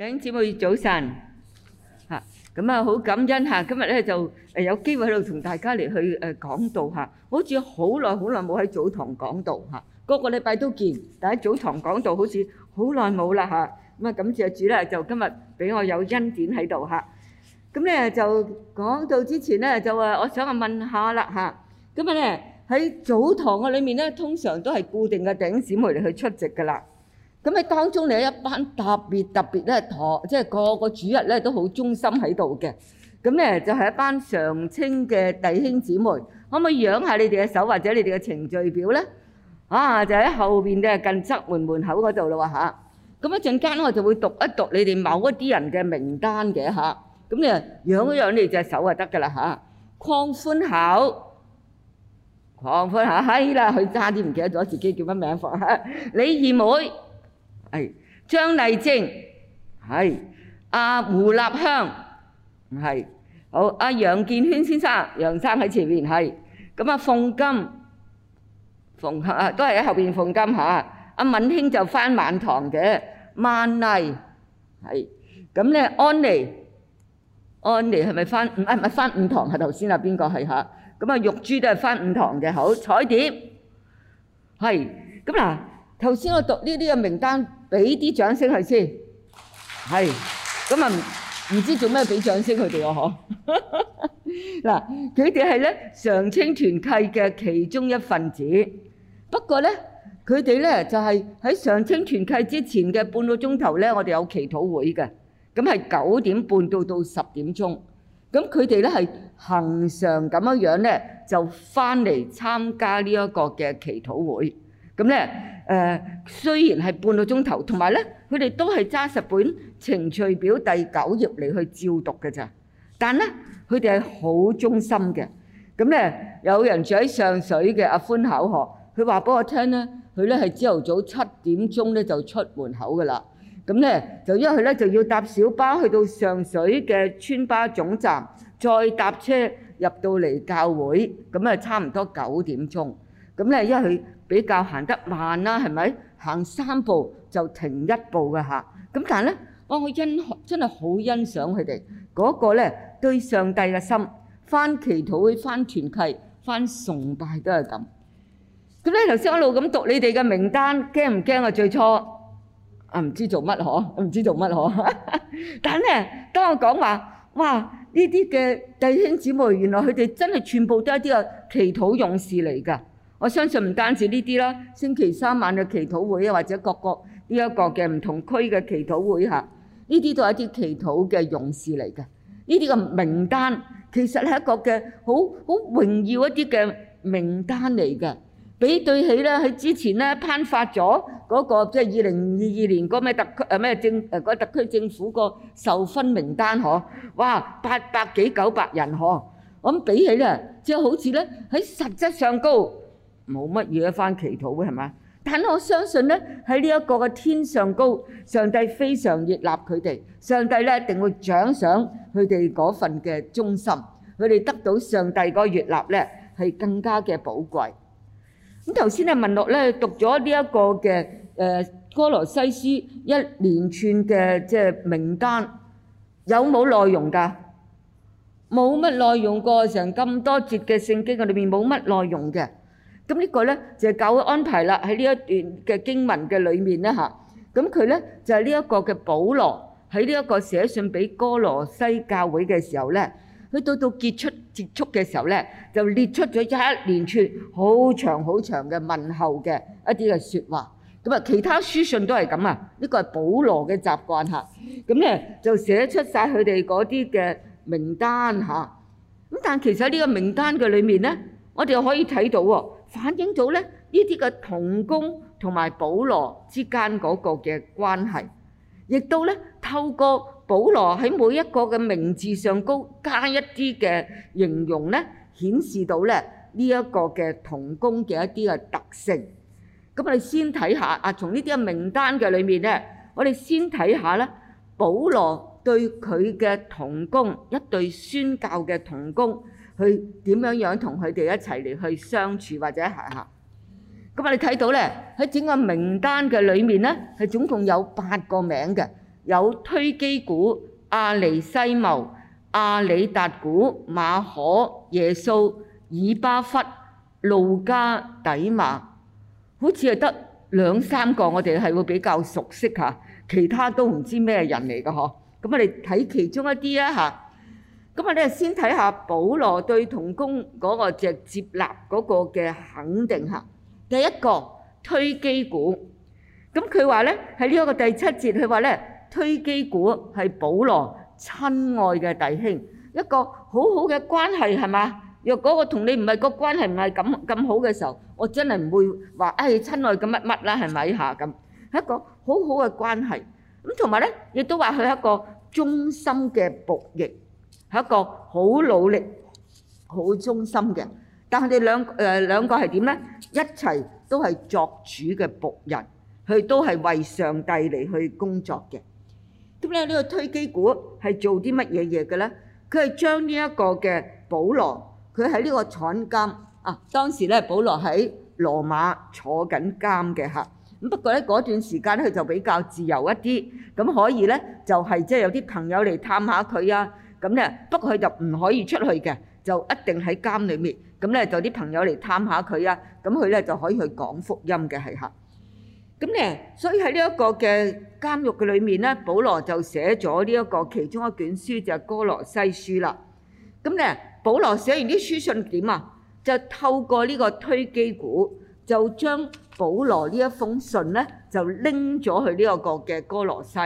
頂姊妹早晨嚇，咁啊好感恩嚇，今日咧就誒有機會喺度同大家嚟去誒講道嚇，好似好耐好耐冇喺早堂講道嚇，個個禮拜都見，但係早堂講道好似好耐冇啦嚇，咁啊感謝主咧，就今日俾我有恩典喺度嚇，咁咧就講道之前咧就誒，我想啊問下啦嚇，咁啊咧喺早堂嘅裏面咧，通常都係固定嘅頂姊妹嚟去出席噶啦。咁喺當中咧，一班特別特別咧，托即係個個主日咧都好忠心喺度嘅。咁咧就係一班常青嘅弟兄姊妹，可唔可以揚下你哋嘅手，或者你哋嘅程序表咧？啊，就喺後邊嘅近側門門口嗰度咯喎嚇。咁一陣間咧，我就會讀一讀你哋某一啲人嘅名單嘅嚇。咁你啊，揚一揚你隻手就得㗎啦嚇。擴寬口，擴寬口，係啦，佢差啲唔記得咗自己叫乜名房，李二妹。係張麗靜，係阿胡立香，係好阿楊建軒先生，楊生喺前面係咁啊，鳳金鳳嚇都係喺後邊，鳳金嚇阿敏興就翻晚堂嘅，萬麗係咁咧，安妮安妮係咪翻五唔係唔係翻五堂啊？頭先啊，邊個係嚇？咁啊，玉珠都係翻五堂嘅好彩蝶係咁嗱，頭先我讀呢啲嘅名單。俾啲掌聲佢先，係咁啊！唔知做咩俾掌聲佢哋啊？嗬，嗱，佢哋係咧，常青團契嘅其中一份子，不過咧，佢哋咧就係喺常青團契之前嘅半個鐘頭咧，我哋有祈禱會嘅，咁係九點半到到十點鐘，咁佢哋咧係恆常咁樣樣咧就翻嚟參加呢一個嘅祈禱會，咁咧。誒雖然係半個鐘頭，同埋咧，佢哋都係揸實本程序表第九頁嚟去照讀㗎咋，但咧佢哋係好忠心嘅。咁咧，有人住喺上水嘅阿歡口學，佢話俾我聽咧，佢咧係朝頭早七點鐘咧就出門口噶啦。咁咧就一去咧就要搭小巴去到上水嘅村巴總站，再搭車入到嚟教會。咁啊，差唔多九點鐘。咁咧一去。比較行得慢啦，係咪？行三步就停一步嘅嚇。咁但係咧，哇！我欣真係好欣賞佢哋嗰一個咧，對上帝嘅心，返祈禱、返團契、返崇拜都係咁。咁咧，頭先一路咁讀你哋嘅名單，驚唔驚啊？最初啊，唔知做乜嗬，唔知做乜嗬。但係咧，當我講話，哇！呢啲嘅弟兄姊妹，原來佢哋真係全部都係啲個祈禱勇士嚟㗎。我相信唔單止呢啲啦，星期三晚嘅祈禱會啊，或者各個呢一個嘅唔同區嘅祈禱會嚇，呢啲都係一啲祈禱嘅勇士嚟嘅。呢啲嘅名單其實係一個嘅好好榮耀一啲嘅名單嚟嘅。比對起咧，喺之前咧，頒發咗嗰個即係二零二二年嗰咩特區啊咩政誒個特區政府個授勳名單嗬，哇，八百幾九百人嗬，我諗比起咧，即係好似咧喺實質上高。冇乜嘢一番祈禱嘅係嘛？但係我相信咧，喺呢一個嘅天上高，上帝非常熱納佢哋，上帝咧一定會獎賞佢哋嗰份嘅忠心。佢哋得到上帝個熱納咧，係更加嘅寶貴。咁頭先咧，文樂咧讀咗呢一個嘅誒歌羅西書一連串嘅即係名單，有冇內容㗎？冇乜內容，個成咁多節嘅聖經佢裏面冇乜內容嘅。咁呢個咧就係教會安排啦，喺呢一段嘅經文嘅裏面咧嚇，咁佢咧就係呢一個嘅保羅喺呢一個寫信俾哥羅西教會嘅時候咧，佢到到結束結束嘅時候咧，就列出咗一連串好長好長嘅問候嘅一啲嘅説話。咁啊，其他書信都係咁啊，呢個係保羅嘅習慣嚇。咁咧就寫出曬佢哋嗰啲嘅名單嚇。咁但係其實呢個名單嘅裏面咧，我哋可以睇到喎。反映到咧呢啲嘅同工同埋保羅之間嗰個嘅關係，亦都咧透過保羅喺每一個嘅名字上高加一啲嘅形容咧，顯示到咧呢一個嘅同工嘅一啲嘅特性。咁我哋先睇下啊，從呢啲嘅名單嘅裏面咧，我哋先睇下咧保羅對佢嘅同工一對宣教嘅同工，去點樣樣同佢哋一齊嚟去相處或者係嚇，咁我哋睇到咧喺整個名單嘅裏面咧，係總共有八個名嘅，有推基古、阿尼西母、阿里達古、馬可、耶穌、以巴弗、路加底馬，好似係得兩三個我哋係會比較熟悉嚇，其他都唔知咩人嚟嘅嗬，咁我哋睇其中一啲啊嚇。咁我咧先睇下保羅對同工嗰個只接納嗰個嘅肯定嚇。第一個推基古，咁佢話咧喺呢一個第七節，佢話咧推基古係保羅親愛嘅弟兄，一個好好嘅關係係嘛？若果個同你唔係個關係唔係咁咁好嘅時候，我真係唔會話誒親愛咁乜乜啦，係咪嚇咁係一個好好嘅關係。咁同埋咧，亦都話佢係一個忠心嘅僕役。係一個好努力、好忠心嘅，但係佢哋兩誒兩個係點咧？一齊都係作主嘅僕人，佢都係為上帝嚟去工作嘅。咁咧呢個推基古係做啲乜嘢嘢嘅咧？佢係將呢一個嘅保羅，佢喺呢個產監啊，當時咧保羅喺羅馬坐緊監嘅嚇。咁不過咧嗰段時間咧，佢就比較自由一啲，咁可以咧就係即係有啲朋友嚟探下佢啊。咁咧，不過佢就唔可以出去嘅，就一定喺監裏面。咁咧就啲朋友嚟探下佢啊。咁佢咧就可以去講福音嘅係嚇。咁咧，所以喺呢一個嘅監獄嘅裏面咧，保羅就寫咗呢一個其中一卷書就係《哥羅西書》啦。咁咧，保羅寫完啲書信點啊？就透過呢個推基古，就將保羅呢一封信咧，就拎咗去呢一個嘅哥羅西。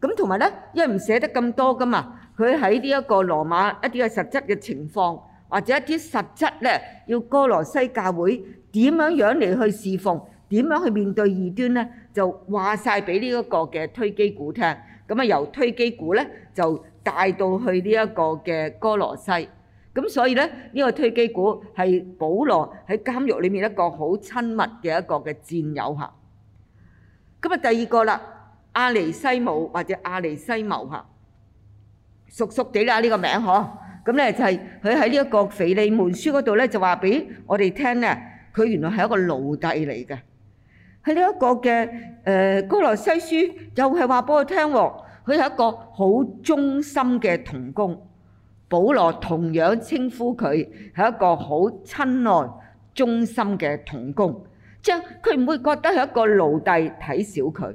咁同埋咧，因為唔寫得咁多噶嘛。佢喺呢一個羅馬一啲嘅實質嘅情況，或者一啲實質咧，要哥羅西教會點樣樣嚟去侍奉，點樣去面對異端咧，就話曬俾呢一個嘅推基古聽。咁啊，由推基古咧就帶到去呢一個嘅哥羅西。咁所以咧，呢個推基古係保羅喺監獄裏面一個好親密嘅一個嘅戰友嚇。咁啊，第二個啦，阿尼西姆或者阿尼西牟嚇。熟熟地啦，呢個名嗬，咁咧就係佢喺呢一個腓利門書嗰度咧就話俾我哋聽咧，佢原來係一個奴隸嚟嘅。喺呢一個嘅誒哥羅西書又係話俾我聽喎，佢係一個好忠心嘅同工。保羅同樣稱呼佢係一個好親愛、忠心嘅同工，即係佢唔會覺得係一個奴隸睇小佢。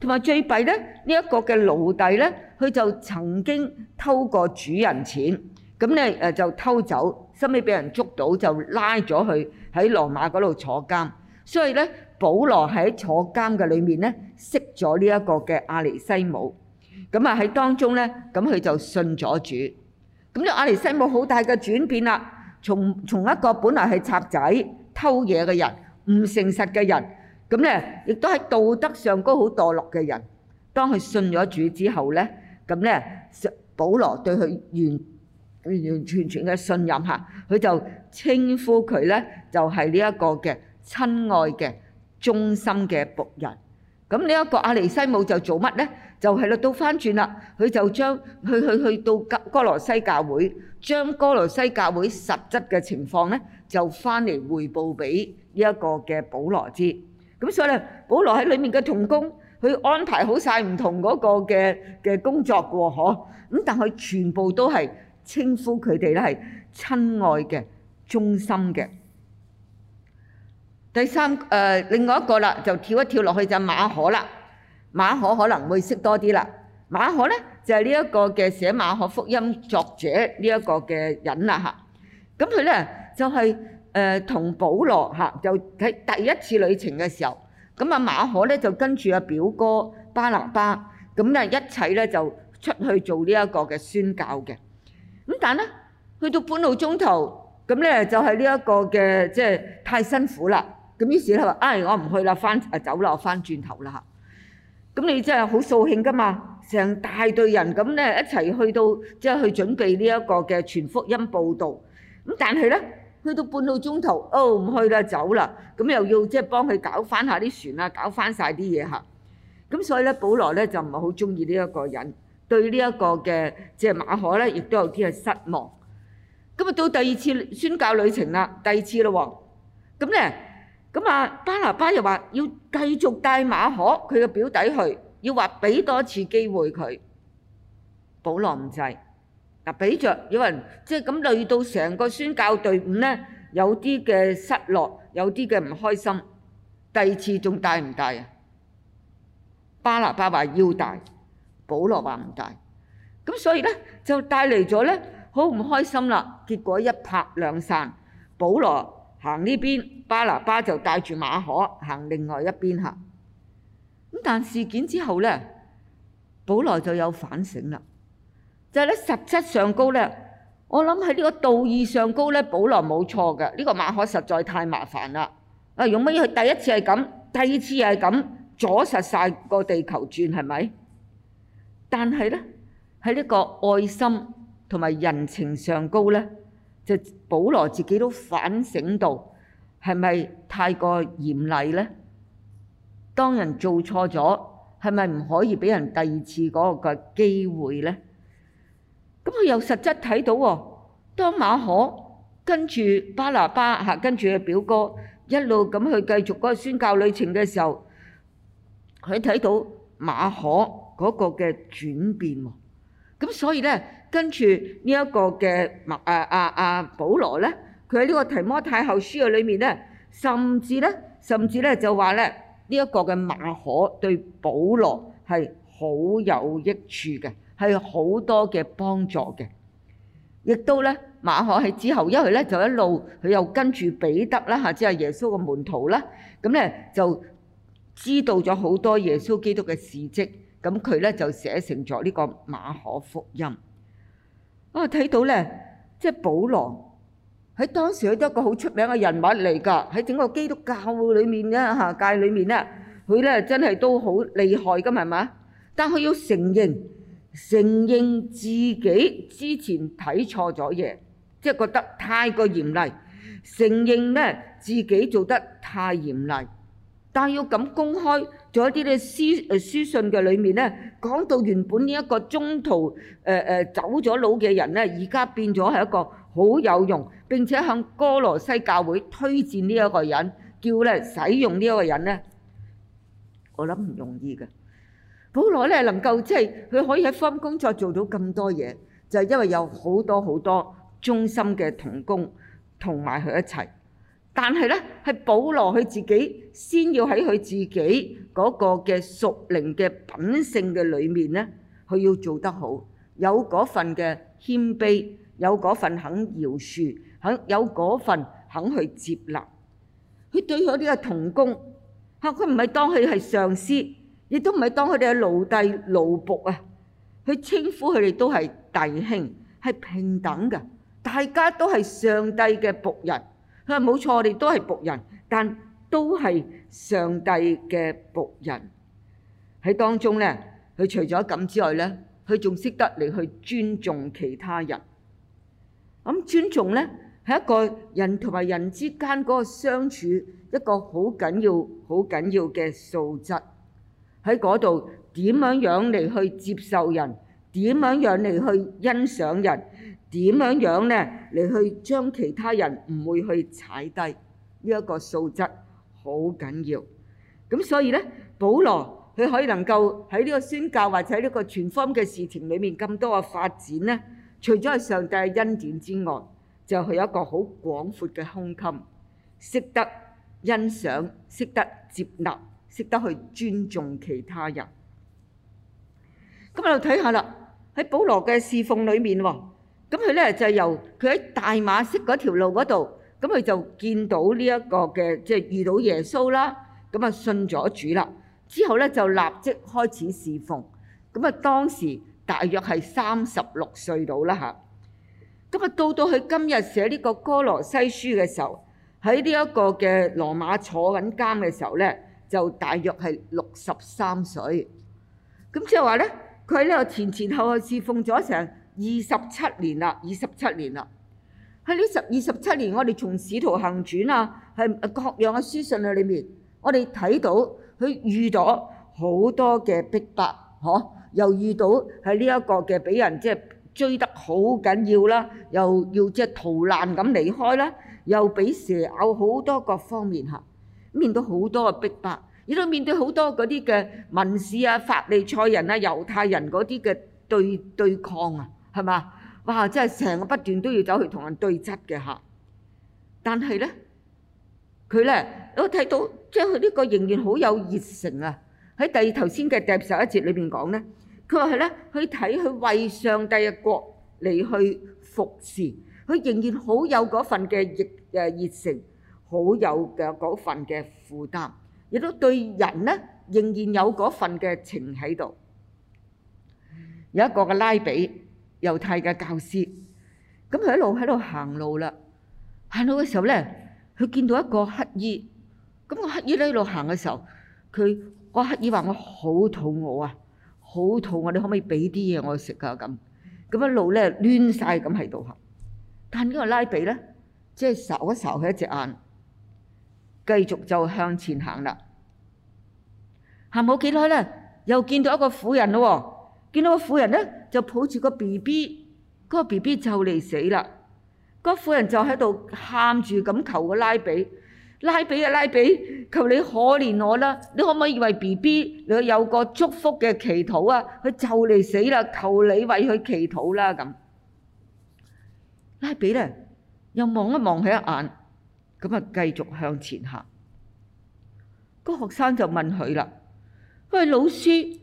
同埋最弊呢，呢、這、一個嘅奴隸咧，佢就曾經偷過主人錢，咁咧誒就偷走，後尾俾人捉到就拉咗去喺羅馬嗰度坐監。所以咧，保羅喺坐監嘅裏面咧，識咗呢一個嘅阿尼西姆，咁啊喺當中咧，咁佢就信咗主。咁就阿尼西姆好大嘅轉變啦，從從一個本來係賊仔、偷嘢嘅人，唔誠實嘅人。咁咧，亦都係道德上高好墮落嘅人。當佢信咗主之後咧，咁咧，保羅對佢完完完全全嘅信任嚇，佢就稱呼佢咧就係呢一個嘅親愛嘅忠心嘅僕人。咁呢一個阿尼西姆就做乜咧？就係啦，倒翻轉啦，佢就將去去去到哥羅西教會，將哥羅西教會實質嘅情況咧，就翻嚟彙報俾呢一個嘅保羅知。咁所以咧，保羅喺裏面嘅同工，佢安排好晒唔同嗰個嘅嘅工作喎，嗬。咁但係全部都係稱呼佢哋咧係親愛嘅、忠心嘅。第三，誒，另外一個啦，就跳一跳落去就馬可啦。馬可可能會識多啲啦。馬可咧就係呢一個嘅寫馬可福音作者呢一個嘅人啦，嚇。咁佢咧就係。誒同保羅嚇，就喺第一次旅程嘅時候，咁啊馬可咧就跟住阿表哥巴拿巴，咁咧一齊咧就出去做呢一個嘅宣教嘅。咁但係咧，去到半路中途，咁咧就係呢一個嘅即係太辛苦啦。咁於是咧話，唉，我唔去啦，翻啊走啦，我翻轉頭啦嚇。咁你真係好掃興㗎嘛？成大隊人咁咧一齊去到，即係去準備呢一個嘅傳福音佈道。咁但係咧。去到半個鐘頭，哦唔去啦，走啦。咁又要即係幫佢搞翻下啲船啊，搞翻晒啲嘢嚇。咁所以咧，保羅咧就唔係好中意呢一個人，對呢一個嘅即係馬可咧，亦都有啲係失望。咁、嗯、啊，到第二次宣教旅程啦，第二次啦喎。咁咧，咁啊，巴拿巴又話要繼續帶馬可佢嘅表弟去，要話俾多次機會佢。保羅唔制。嗱，比著有人即係咁累到成個宣教隊伍呢，有啲嘅失落，有啲嘅唔開心。第二次仲帶唔帶啊？巴拿巴話要帶，保羅話唔帶。咁所以呢，就帶嚟咗呢，好唔開心啦。結果一拍兩散，保羅行呢邊，巴拿巴就帶住馬可行另外一邊嚇。咁但事件之後呢，保羅就有反省啦。就係咧，實質上高咧，我諗喺呢個道義上高咧，保羅冇錯嘅。呢個馬可實在太麻煩啦！啊，容乜易去，第一次係咁，第二次又係咁，阻實晒個地球轉係咪？但係咧，喺呢個愛心同埋人情上高咧，就保羅自己都反省到，係咪太過嚴厲咧？當人做錯咗，係咪唔可以俾人第二次嗰個機會咧？咁佢又實質睇到喎、哦，當馬可跟住巴拿巴嚇，跟住佢表哥一路咁去繼續嗰個宣教旅程嘅時候，佢睇到馬可嗰個嘅轉變喎。咁所以咧，跟住、啊啊啊、呢一個嘅馬啊啊啊保羅咧，佢喺呢個提摩太後書嘅裏面咧，甚至咧，甚至咧就話咧，呢、這、一個嘅馬可對保羅係好有益處嘅。係好多嘅幫助嘅，亦都咧馬可喺之後因為咧就一路佢又跟住彼得啦嚇，即係耶穌嘅門徒啦，咁咧就知道咗好多耶穌基督嘅事蹟，咁佢咧就寫成咗呢個馬可福音。啊，睇到咧，即係保羅喺當時佢都一個好出名嘅人物嚟㗎，喺整個基督教會裡面咧嚇界裡面咧，佢咧真係都好厲害㗎嘛，但佢要承認。承認自己之前睇錯咗嘢，即係覺得太過嚴厲。承認咧自己做得太嚴厲，但要咁公開，仲有啲咧詩誒書信嘅裏面咧，講到原本呢一個中途誒誒走咗佬嘅人咧，而家變咗係一個好有用，並且向哥羅西教會推薦呢一個人，叫咧使用呢一個人咧，我諗唔容易嘅。保羅咧能夠即係佢可以喺分工作做到咁多嘢，就係因為有好多好多忠心嘅同工同埋佢一齊。但係咧，係保羅佢自己先要喺佢自己嗰個嘅屬靈嘅品性嘅裡面咧，佢要做得好，有嗰份嘅謙卑，有嗰份肯饒恕，肯有嗰份肯去接納。佢對佢呢個同工，吓，佢唔係當佢係上司。亦都唔係當佢哋係奴隸奴僕啊，佢稱呼佢哋都係弟兄，係平等嘅，大家都係上帝嘅僕人。佢話冇錯，我哋都係僕人，但都係上帝嘅僕人。喺當中咧，佢除咗咁之外咧，佢仲識得嚟去尊重其他人。咁尊重咧係一個人同埋人之間嗰個相處一個好緊要、好緊要嘅素質。喺嗰度點樣樣嚟去接受人？點樣樣嚟去欣賞人？點樣樣咧嚟去將其他人唔會去踩低，呢一個素質好緊要。咁所以咧，保羅佢可以能夠喺呢個宣教或者呢個全方位嘅事情裏面咁多嘅發展咧，除咗係上帝嘅恩典之外，就係有一個好廣闊嘅胸襟，識得欣賞，識得接納。識得去尊重其他人。咁又睇下啦，喺保羅嘅侍奉裏面喎，咁佢咧就由佢喺大馬色嗰條路嗰度，咁佢就見到呢一個嘅即係遇到耶穌啦，咁啊信咗主啦，之後咧就立即開始侍奉。咁啊當時大約係三十六歲度啦嚇。咁啊到到佢今日寫呢個哥羅西書嘅時候，喺呢一個嘅羅馬坐緊監嘅時候咧。就大約係六十三歲，咁即係話咧，佢喺呢度前前後後侍奉咗成二十七年啦，二十七年啦。喺呢十二十七年，我哋從《使徒行傳》啊，係各樣嘅書信啊裏面，我哋睇到佢遇到好多嘅逼迫，嗬，又遇到喺呢一個嘅俾人即係追得好緊要啦，又要即係逃難咁離開啦，又俾蛇咬，好多個方面嚇。面對好多嘅逼迫，亦都面對好多嗰啲嘅民事啊、法利賽人啊、猶太人嗰啲嘅對對抗啊，係嘛？哇！真係成個不斷都要走去同人對質嘅嚇。但係呢，佢呢，我睇到將佢呢個仍然好有熱誠啊。喺第二頭先嘅第十一節裏面講呢，佢話係呢去睇佢為上帝嘅國嚟去服侍，佢仍然好有嗰份嘅熱誒熱誠。好有嘅嗰份嘅負擔，亦都對人呢仍然有嗰份嘅情喺度。有一個嘅拉比，猶太嘅教師，咁佢一路喺度行路啦。行路嘅時候呢，佢見到一個乞丐。咁個乞丐呢一路行嘅時候，佢個乞丐話：我好肚餓啊，好肚餓，你可唔可以俾啲嘢我食啊？咁咁一路呢攣曬咁喺度行。但呢個拉比呢，即係睄一睄佢一隻眼。繼續就向前行啦，行冇幾耐咧，又見到一個婦人咯喎，見到個婦人咧就抱住個 B B，個 B B 就嚟死啦，個婦人就喺度喊住咁求個拉比，拉比啊拉比，求你可憐我啦，你可唔可以為 B B 你有個祝福嘅祈禱啊？佢就嚟死啦，求你為佢祈禱啦咁。拉比咧又望一望佢一眼。咁啊，繼續向前行。個學生就問佢啦：喂，老師，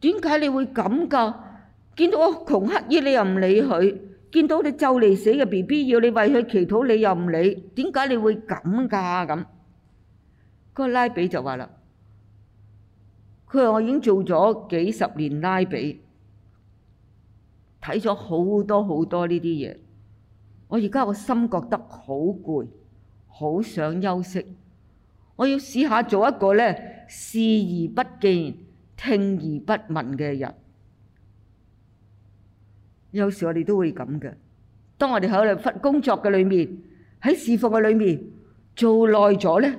點解你會咁㗎？見到個窮乞衣，你又唔理佢；見到你就嚟死嘅 BB，要你為佢祈禱，你又唔理。點解你會咁㗎？咁，個拉比就話啦：佢話我已經做咗幾十年拉比，睇咗好多好多呢啲嘢，我而家個心覺得好攰。好想休息，我要試下做一個呢視而不見、聽而不聞嘅人。有時我哋都會咁嘅。當我哋喺度份工作嘅裏面，喺侍奉嘅裏面做耐咗呢，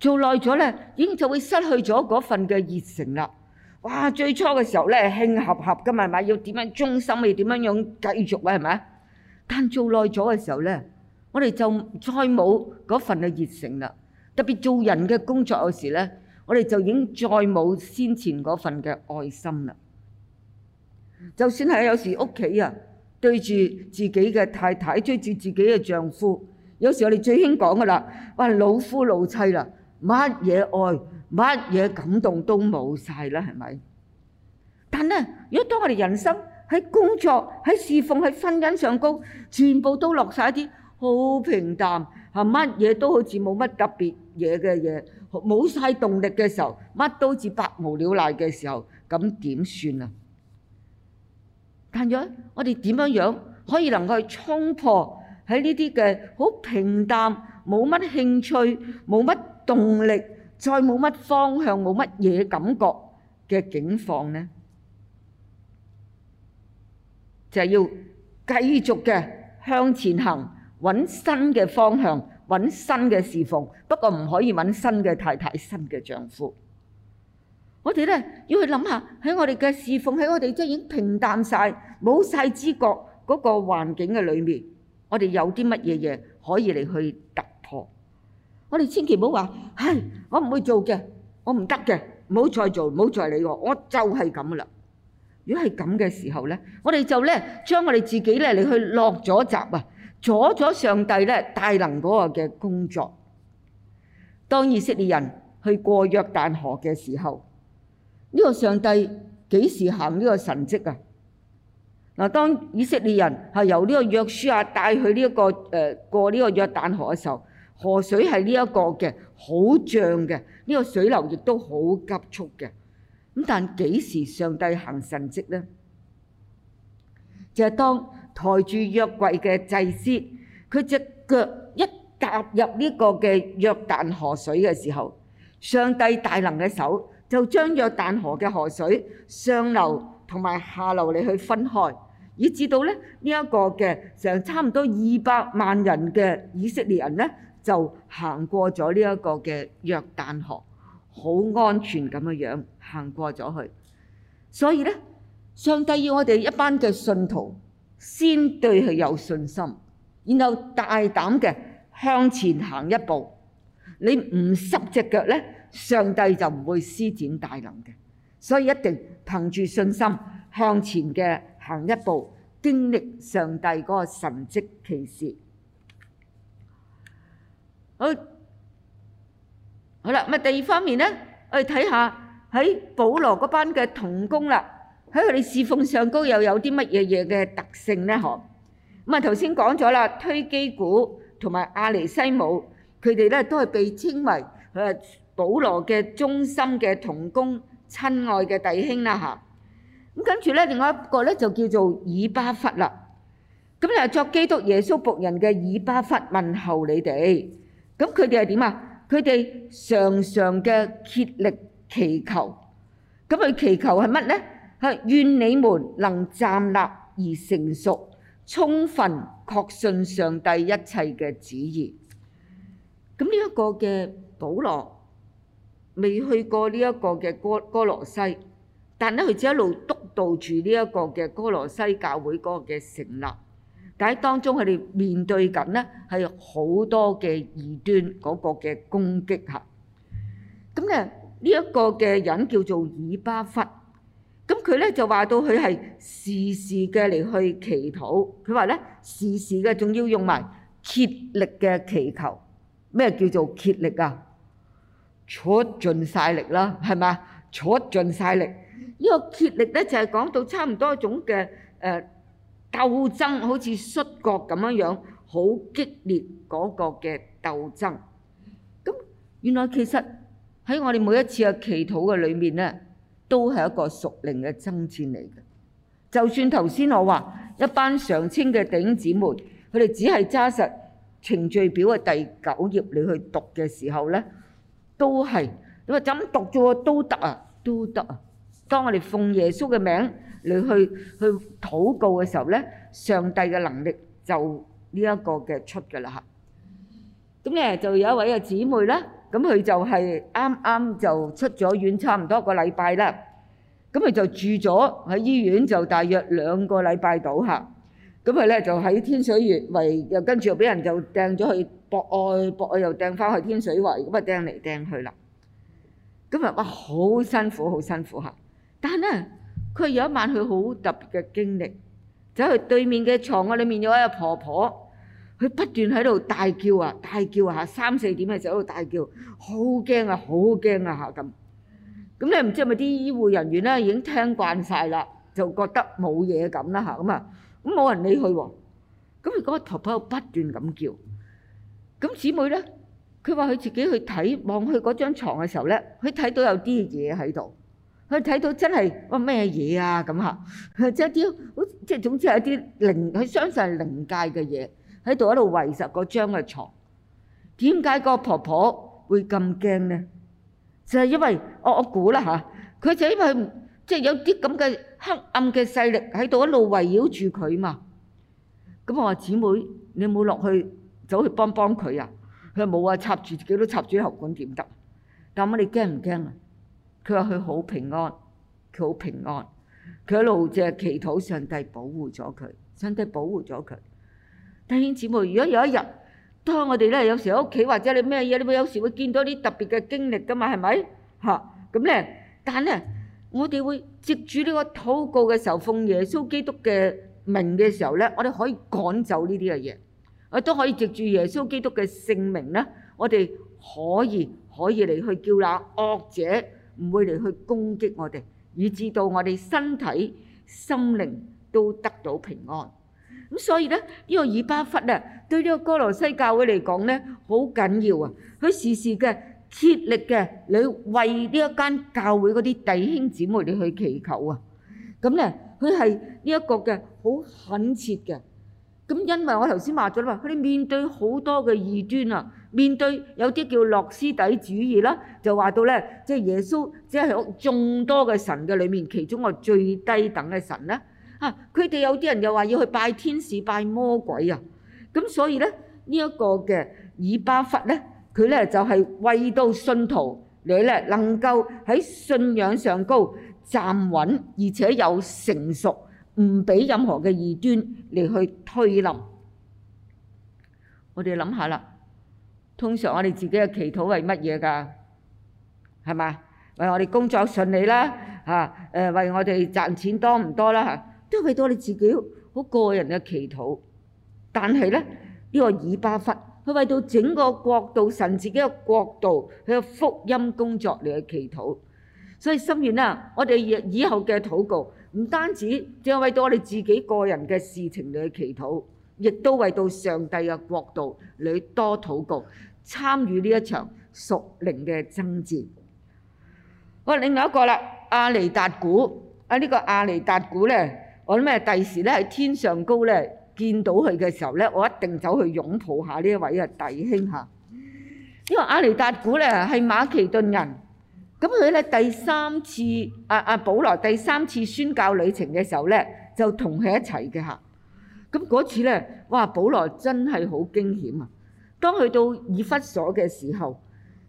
做耐咗呢，已經就會失去咗嗰份嘅熱誠啦。哇！最初嘅時候呢興合合㗎嘛，係咪要點樣忠心？要點樣樣繼續啊？係咪？但做耐咗嘅時候呢。我哋就再冇嗰份嘅熱誠啦，特別做人嘅工作有時咧，我哋就已經再冇先前嗰份嘅愛心啦。就算係有時屋企啊，對住自己嘅太太，追住自己嘅丈夫，有時我哋最興講噶啦，哇老夫老妻啦，乜嘢愛，乜嘢感動都冇曬啦，係咪？但咧，如果當我哋人生喺工作、喺侍奉、喺婚姻上高，全部都落曬一啲。好平淡，係乜嘢都好似冇乜特別嘢嘅嘢，冇晒動力嘅時候，乜都好似百無聊賴嘅時候，咁點算啊？但若我哋點樣樣可以能夠去衝破喺呢啲嘅好平淡、冇乜興趣、冇乜動力、再冇乜方向、冇乜嘢感覺嘅境況呢？就係要繼續嘅向前行。揾新嘅方向，揾新嘅侍奉，不過唔可以揾新嘅太太、新嘅丈夫。我哋咧要去諗下喺我哋嘅侍奉喺我哋即係已經平淡曬、冇曬知覺嗰個環境嘅裏面，我哋有啲乜嘢嘢可以嚟去突破？我哋千祈唔好話，唉，我唔會做嘅，我唔得嘅，唔好再做，唔好再理我，我就係咁噶啦。如果係咁嘅時候咧，我哋就咧將我哋自己咧嚟去落咗閘啊！阻咗上帝咧大能嗰個嘅工作。當以色列人去過約旦河嘅時候，呢個上帝幾時行呢個神蹟啊？嗱，當以色列人係由呢個約書亞帶去呢一個誒過呢個約旦河嘅時候，河水係呢一個嘅好漲嘅，呢個水流亦都好急速嘅。咁但幾時上帝行神蹟咧？就係當。抬住約櫃嘅祭司，佢隻腳一踏入呢個嘅約旦河水嘅時候，上帝大能嘅手就將約旦河嘅河水上流同埋下流嚟去分開，以至到咧呢一個嘅成差唔多二百萬人嘅以色列人呢，就行過咗呢一個嘅約旦河，好安全咁嘅樣行過咗去。所以呢，上帝要我哋一班嘅信徒。先對佢有信心，然後大膽嘅向前行一步。你唔濕隻腳咧，上帝就唔會施展大能嘅。所以一定憑住信心向前嘅行一步，經歷上帝嗰個神跡奇事。好，好啦，咁啊，第二方面咧，我哋睇下喺保羅嗰班嘅同工啦。喺佢哋侍奉上高又有啲乜嘢嘢嘅特性咧？嗬，咁啊，頭先講咗啦，推基古同埋阿尼西姆，佢哋咧都係被稱為誒保羅嘅忠心嘅同工、親愛嘅弟兄啦。嚇，咁跟住咧，另外一個咧就叫做以巴弗啦。咁啊，作基督耶穌僕人嘅以巴弗問候你哋。咁佢哋係點啊？佢哋常常嘅竭力祈求。咁佢祈求係乜咧？願你們能站立而成熟，充分確信上帝一切嘅旨意。咁呢一個嘅保羅未去過呢一個嘅歌歌羅西，但咧佢只一路督導住呢一個嘅歌羅西教會嗰個嘅成立。但喺當中佢哋面對緊咧係好多嘅異端嗰個嘅攻擊嚇。咁咧呢一個嘅人叫做以巴弗。咁佢咧就話到佢係時時嘅嚟去祈禱，佢話咧時時嘅仲要用埋竭力嘅祈求。咩叫做竭力啊？坐盡晒力啦，係咪？坐盡晒力！這個、力呢個竭力咧就係、是、講到差唔多一種嘅誒、呃、鬥爭，好似摔角咁樣樣，好激烈嗰個嘅鬥爭。咁原來其實喺我哋每一次嘅祈禱嘅裡面咧。都係一個屬靈嘅爭戰嚟嘅。就算頭先我話一班常青嘅弟兄姊妹，佢哋只係揸實程序表嘅第九頁你去讀嘅時候咧，都係你話噉讀啫喎？都得啊，都得啊。當我哋奉耶穌嘅名你去去禱告嘅時候咧，上帝嘅能力就呢一個嘅出㗎啦嚇。咁咧就有一位嘅姊妹咧。咁佢就係啱啱就出咗院，差唔多一個禮拜啦。咁佢就住咗喺醫院，就大約兩個禮拜度吓。咁佢咧就喺天水圍，又跟住又俾人就掟咗去博愛，博愛又掟翻去天水圍，咁啊掟嚟掟去啦。佢話，好辛苦，好辛苦吓！但係咧，佢有一晚佢好特別嘅經歷，走去對面嘅牀嗰裏面有一個婆婆。佢不斷喺度大叫啊！大叫啊！嚇，三四點嘅時候喺度大叫，好驚啊！好驚啊！嚇，咁，咁你唔知係咪啲醫護人員咧已經聽慣曬啦，就覺得冇嘢咁啦嚇，咁啊，咁冇人理佢喎。咁佢嗰個婆婆不斷咁叫，咁姊妹咧，佢話佢自己去睇望佢嗰張牀嘅時候咧，佢睇到有啲嘢喺度，佢睇到真係話咩嘢啊咁嚇，即係啲好即係總之係一啲靈，佢相信係靈界嘅嘢。喺度喺度圍實嗰張嘅牀，點解個婆婆會咁驚咧？就係因為我我估啦嚇，佢就因為即係有啲咁嘅黑暗嘅勢力喺度一路圍繞住佢嘛。咁我話姊妹，你冇落去走去幫幫佢啊？佢話冇啊，插住自己都插住喉管點得？但係我哋驚唔驚啊？佢話佢好平安，佢好平安，佢喺度就係祈禱上帝保護咗佢，上帝保護咗佢。弟兄姊妹，如果有一日，當我哋咧有時喺屋企或者你咩嘢，你會有時會見到啲特別嘅經歷㗎嘛？係咪？吓咁咧，但係咧，我哋會藉住呢個禱告嘅時候奉耶穌基督嘅名嘅時候咧，我哋可以趕走呢啲嘅嘢。我都可以藉住耶穌基督嘅姓名咧，我哋可以可以嚟去叫那惡者唔會嚟去攻擊我哋，以至到我哋身體心靈都得到平安。咁所以咧，呢個以巴弗啊，對呢個歌羅西教會嚟講咧，好緊要啊！佢時時嘅竭力嘅嚟為呢一間教會嗰啲弟兄姊妹哋去祈求啊！咁咧，佢係呢一個嘅好懇切嘅。咁因為我頭先話咗啦嘛，佢哋面對好多嘅異端啊，面對有啲叫諾斯底主義啦，就話到咧，即係耶穌即係眾多嘅神嘅裏面其中個最低等嘅神咧。啊！佢哋有啲人又話要去拜天使、拜魔鬼啊！咁所以咧，呢一個嘅以巴佛咧，佢咧就係為到信徒你咧能夠喺信仰上高站穩，而且有成熟，唔俾任何嘅異端嚟去推冧。我哋諗下啦，通常我哋自己嘅祈禱係乜嘢㗎？係咪？為我哋工作順利啦，嚇！誒，為我哋賺錢多唔多啦？都為到你自己好個人嘅祈禱，但係呢呢個以巴弗，佢為到整個國度、神自己嘅國度，佢嘅福音工作嚟去祈禱。所以心願啦，我哋以後嘅禱告唔單止就為到我哋自己個人嘅事情嚟去祈禱，亦都為到上帝嘅國度嚟多禱告，參與呢一場屬靈嘅爭戰。好另外一個啦，阿尼達古啊，呢個阿尼達古呢。我諗咩？第時咧喺天上高咧見到佢嘅時候咧，我一定走去擁抱下呢一位啊弟兄嚇，因為阿尼達古咧係馬其頓人，咁佢咧第三次阿阿、啊啊、保羅第三次宣教旅程嘅時候咧就同佢一齊嘅嚇。咁嗰次咧，哇！保羅真係好驚險啊！當去到以弗所嘅時候，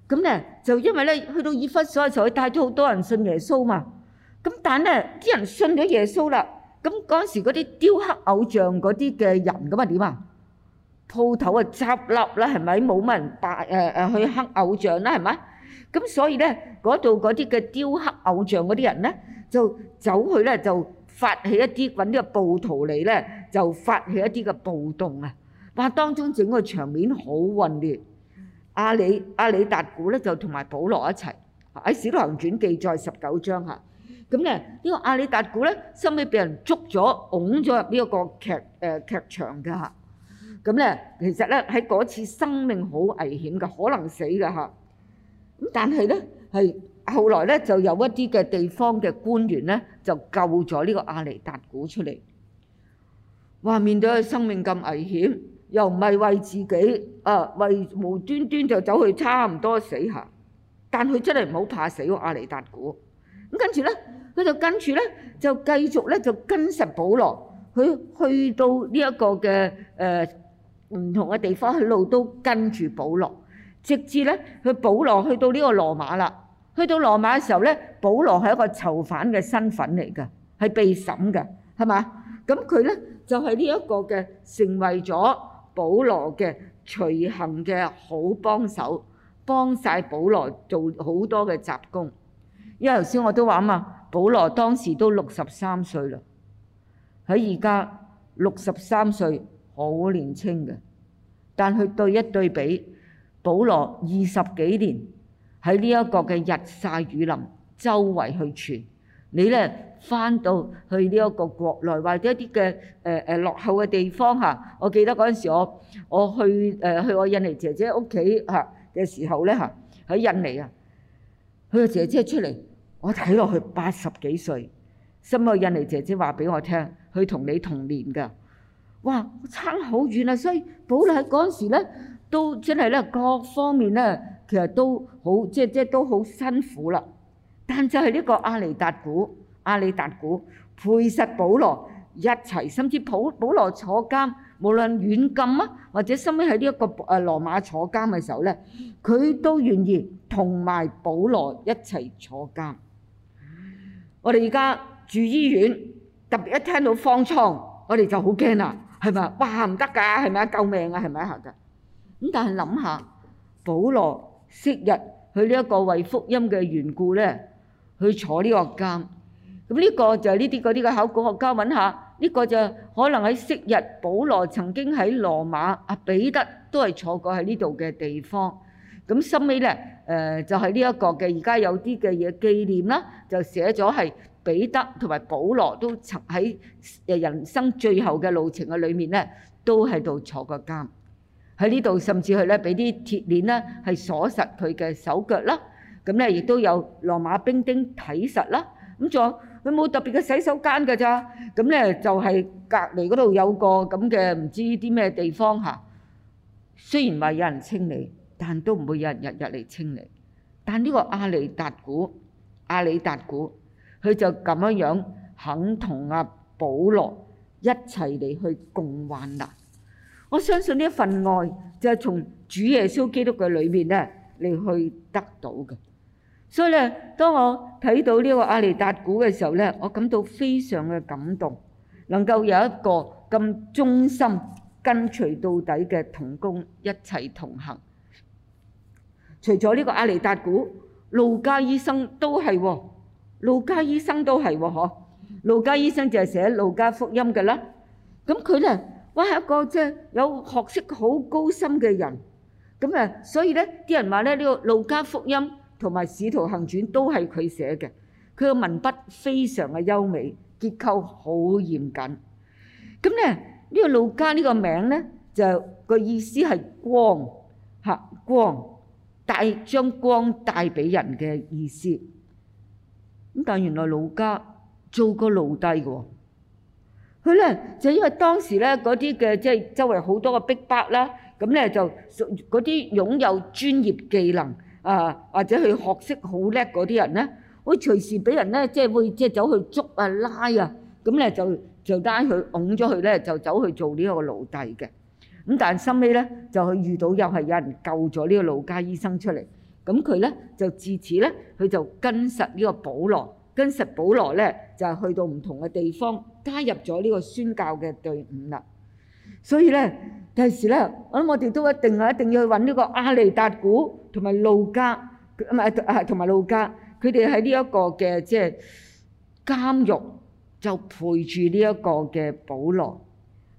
咁咧就因為咧去到以弗所嘅時候，佢帶咗好多人信耶穌嘛。咁但咧啲人信咗耶穌啦。咁嗰陣時嗰啲雕刻偶像嗰啲嘅人咁啊點啊？鋪頭啊執笠啦，係咪？冇乜人拜誒誒去刻偶像啦，係咪？咁所以咧，嗰度嗰啲嘅雕刻偶像嗰啲人咧，就走去咧就發起一啲揾呢個暴徒嚟咧，就發起一啲嘅暴動啊！哇，當中整個場面好混亂。阿里阿里達古咧就同埋保羅一齊喺《使徒行傳》記載十九章嚇。咁咧呢個阿里達古咧，收尾被人捉咗，㧬咗入呢一個劇誒劇場㗎。咁咧其實咧喺嗰次生命好危險㗎，可能死㗎嚇。咁但係咧係後來咧就有一啲嘅地方嘅官員咧就救咗呢個阿里達古出嚟。哇！面對佢生命咁危險，又唔係為自己啊，為無端端就走去差唔多死下。但佢真係唔好怕死喎，阿里達古。咁跟住咧。佢就跟住咧，就繼續咧就跟實保羅。佢去到呢一個嘅誒唔同嘅地方，佢路都跟住保羅，直至咧佢保羅去到呢個羅馬啦。去到羅馬嘅時候咧，保羅係一個囚犯嘅身份嚟㗎，係被審嘅，係嘛？咁佢咧就係呢一個嘅成為咗保羅嘅隨行嘅好幫手，幫晒保羅做好多嘅雜工。因為頭先我都話啊嘛。保羅當時都六十三歲啦，喺而家六十三歲好年輕嘅，但係對一對比，保羅二十幾年喺呢一個嘅日曬雨淋周圍去傳，你咧返到去呢一個國內或者一啲嘅誒誒落後嘅地方嚇，我記得嗰陣時我我去誒去我印尼姐姐屋企嚇嘅時候咧嚇，喺印尼啊，佢個姐姐出嚟。我睇落去八十幾歲，收尾印尼姐姐話俾我聽，佢同你同年㗎。哇！我差好遠啊，所以保羅嗰陣時咧，都真係咧各方面咧，其實都好即係即係都好辛苦啦。但就係呢個亞里達古亞里達古配實保羅一齊，甚至保保羅坐監，無論軟禁啊，或者收尾喺呢一個誒羅馬坐監嘅時候咧，佢都願意同埋保羅一齊坐監。我哋而家住醫院，特別一聽到方艙，我哋就好驚啦，係咪？哇唔得㗎，係咪啊？救命啊，係咪啊？咁但係諗下，保羅昔日，去呢一個為福音嘅緣故咧，去坐呢個監。咁呢個就係呢啲嗰啲嘅考古學家搵下，呢個就可能喺昔日保羅曾經喺羅馬，阿彼得都係坐過喺呢度嘅地方。咁收尾咧。誒就係呢一個嘅，而家有啲嘅嘢紀念啦，就寫咗係彼得同埋保羅都曾喺人生最後嘅路程嘅裏面咧，都喺度坐過監。喺呢度甚至係咧，俾啲鐵鏈咧係鎖實佢嘅手腳啦。咁咧亦都有羅馬兵丁睇實啦。咁仲有佢冇特別嘅洗手間㗎咋？咁咧就係隔離嗰度有個咁嘅唔知啲咩地方嚇。雖然話有人清理。但都唔會有人日日嚟清理。但呢個阿里達古阿里達古，佢就咁樣樣肯同阿保羅一齊嚟去共患難。我相信呢一份愛就係從主耶穌基督嘅裏面咧嚟去得到嘅。所以咧，當我睇到呢個阿里達古嘅時候咧，我感到非常嘅感動，能夠有一個咁忠心跟隨到底嘅同工一齊同行。除咗呢個亞里達古，路加醫生都係喎，路加醫生都係喎，嗬，路加醫生就係寫路加福音嘅啦。咁佢咧，哇係一個即係有學識好高深嘅人。咁啊，所以咧，啲人話咧，呢個路加福音同埋使徒行傳都係佢寫嘅。佢嘅文筆非常嘅優美，結構好嚴謹。咁咧，呢個路加呢個名咧，就個意思係光，嚇光。帶將光帶俾人嘅意思，咁但係原來老家做過奴隸嘅喎，佢咧就因為當時咧嗰啲嘅即係周圍好多嘅逼迫啦，咁咧就嗰啲擁有專業技能啊或者去學識好叻嗰啲人咧，會隨時俾人咧即係會即係走去捉啊拉啊，咁咧就就拉佢拱咗佢咧就走去做呢個奴隸嘅。咁但係收尾咧，就去遇到又係有人救咗呢個路加醫生出嚟。咁佢咧就自此咧，佢就跟實呢個保羅，跟實保羅咧就去到唔同嘅地方，加入咗呢個宣教嘅隊伍啦。所以咧第時咧，我諗我哋都一定啊，一定要去搵呢個亞里達古同埋路加，唔係啊同埋路加，佢哋喺呢一個嘅即係監獄就陪住呢一個嘅保羅。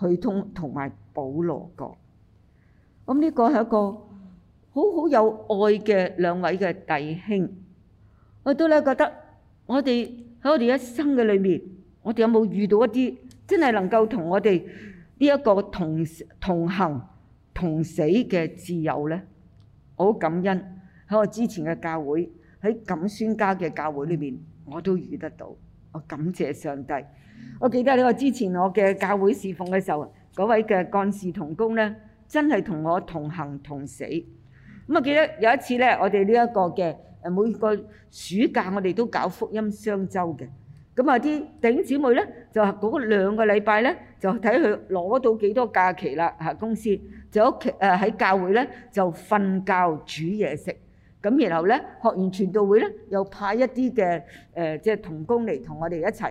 去通同埋保羅個，咁呢個係一個好好有愛嘅兩位嘅弟兄，我都咧覺得我哋喺我哋一生嘅裏面，我哋有冇遇到一啲真係能夠同我哋呢一個同同行同死嘅摯友咧？我好感恩喺我之前嘅教會喺錦宣家嘅教會裏面，我都遇得到，我感謝上帝。我記得呢個之前我嘅教會侍奉嘅時候，嗰位嘅幹事同工咧，真係同我同行同死。咁啊，我記得有一次咧，我哋呢一個嘅誒每個暑假我哋都搞福音雙週嘅，咁啊啲弟兄姊妹咧就嗰兩個禮拜咧就睇佢攞到幾多假期啦嚇公司，就屋企誒喺教會咧就瞓覺煮嘢食，咁然後咧學完傳道會咧又派一啲嘅誒即係同工嚟同我哋一齊。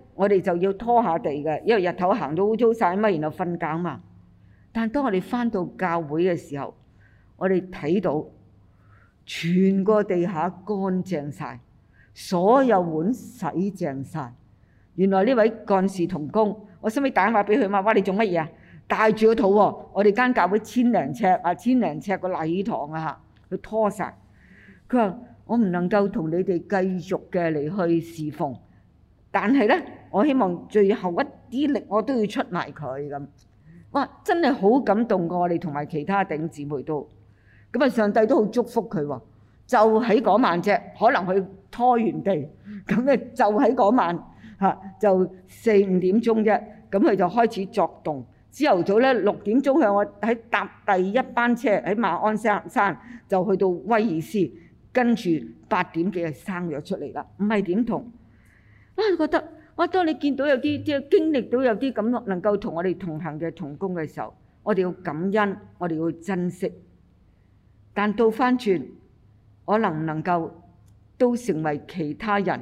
我哋就要拖下地嘅，因為日頭行到污糟晒乜，然後瞓覺嘛。但當我哋返到教會嘅時候，我哋睇到全個地下乾淨晒，所有碗洗淨晒。原來呢位幹事同工，我收尾打電話俾佢嘛，話你做乜嘢啊？帶住個肚喎，我哋間教會千零尺，千尺啊，千零尺個禮堂啊嚇，佢拖晒。佢話：我唔能夠同你哋繼續嘅嚟去侍奉，但係咧。我希望最後一啲力我都要出埋佢咁，哇！真係好感動過我哋同埋其他頂姊妹都，咁啊上帝都好祝福佢喎。就喺嗰晚啫，可能佢拖完地，咁咧就喺嗰晚嚇，就四五點鐘啫，咁佢就開始作動。朝頭早咧六點鐘向我喺搭第一班車喺馬鞍山山就去到威爾斯，跟住八點幾係生咗出嚟啦，唔係點痛啊我覺得～我當你見到有啲即係經歷到有啲咁咯，能夠同我哋同行嘅同工嘅時候，我哋要感恩，我哋要珍惜。但倒翻轉，我能唔能夠都成為其他人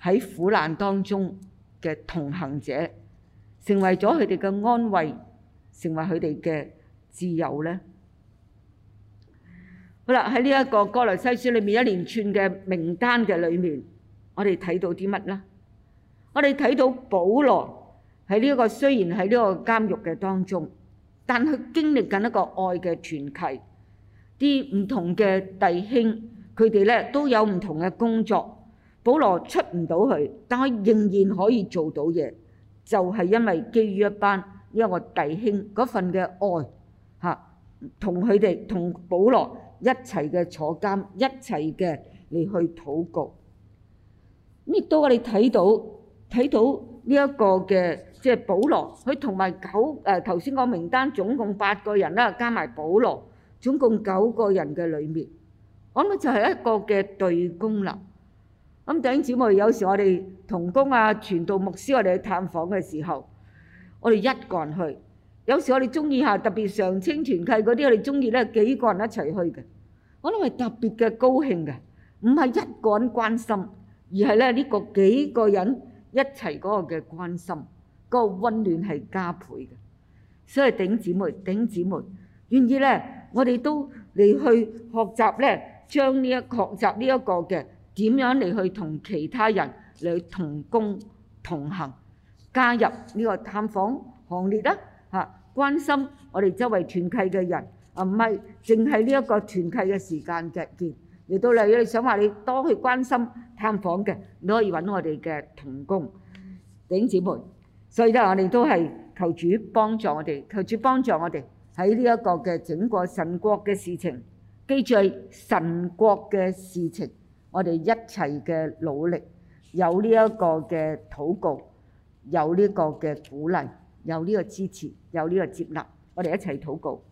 喺苦難當中嘅同行者，成為咗佢哋嘅安慰，成為佢哋嘅自由呢？好啦，喺呢一個《歌羅西書》裏面一連串嘅名單嘅裏面，我哋睇到啲乜呢？我哋睇到保羅喺呢個雖然喺呢個監獄嘅當中，但佢經歷緊一個愛嘅團契，啲唔同嘅弟兄佢哋咧都有唔同嘅工作，保羅出唔到去，但係仍然可以做到嘢，就係因為基於一班呢一個弟兄嗰份嘅愛吓，同佢哋同保羅一齊嘅坐監，一齊嘅嚟去禱告，咁亦都我哋睇到。睇到呢一個嘅即係保羅，佢同埋九誒頭先個名單總共八個人啦，加埋保羅，總共九個人嘅裏面，我諗就係一個嘅隊工啦。咁點知我哋有時我哋同工啊、傳道牧師我哋去探訪嘅時候，我哋一個人去；有時我哋中意下特別常青團契嗰啲，我哋中意咧幾個人一齊去嘅。我諗係特別嘅高興嘅，唔係一個人關心，而係咧呢個幾個人。一齊嗰個嘅關心，嗰個溫暖係加倍嘅，所以頂姊妹，頂姊妹願意咧，我哋都嚟去學習咧，將呢一學習呢一個嘅點樣嚟去同其他人嚟同工同行，加入呢個探訪行列啦嚇，關心我哋周圍團契嘅人啊，唔係淨係呢一個團契嘅時間嘅，亦都例如你想話你多去關心。探訪嘅你可以揾我哋嘅同工弟兄姊妹，所以咧我哋都係求主幫助我哋，求主幫助我哋喺呢一個嘅整個神國嘅事情，記住神國嘅事情，我哋一齊嘅努力，有呢一個嘅禱告，有呢個嘅鼓勵，有呢個支持，有呢個接納，我哋一齊禱告。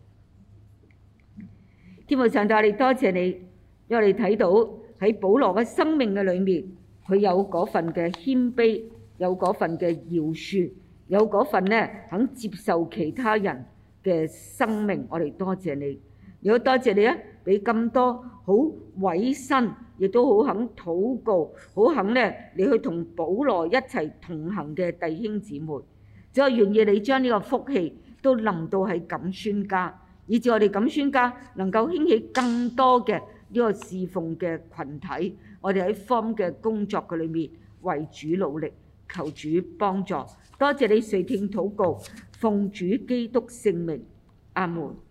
天父上帝，我哋多謝你，讓我哋睇到。喺保羅嘅生命嘅裏面，佢有嗰份嘅謙卑，有嗰份嘅饒恕，有嗰份咧肯接受其他人嘅生命。我哋多謝你，如果多謝你啊，俾咁多好委身，亦都好肯禱告，好肯咧你去同保羅一齊同行嘅弟兄姊妹。只係願意你將呢個福氣都臨到喺錦孫家，以至我哋錦孫家能夠興起更多嘅。呢個侍奉嘅群體，我哋喺方嘅工作嘅裏面為主努力，求主幫助。多謝你垂聽禱告，奉主基督聖名，阿門。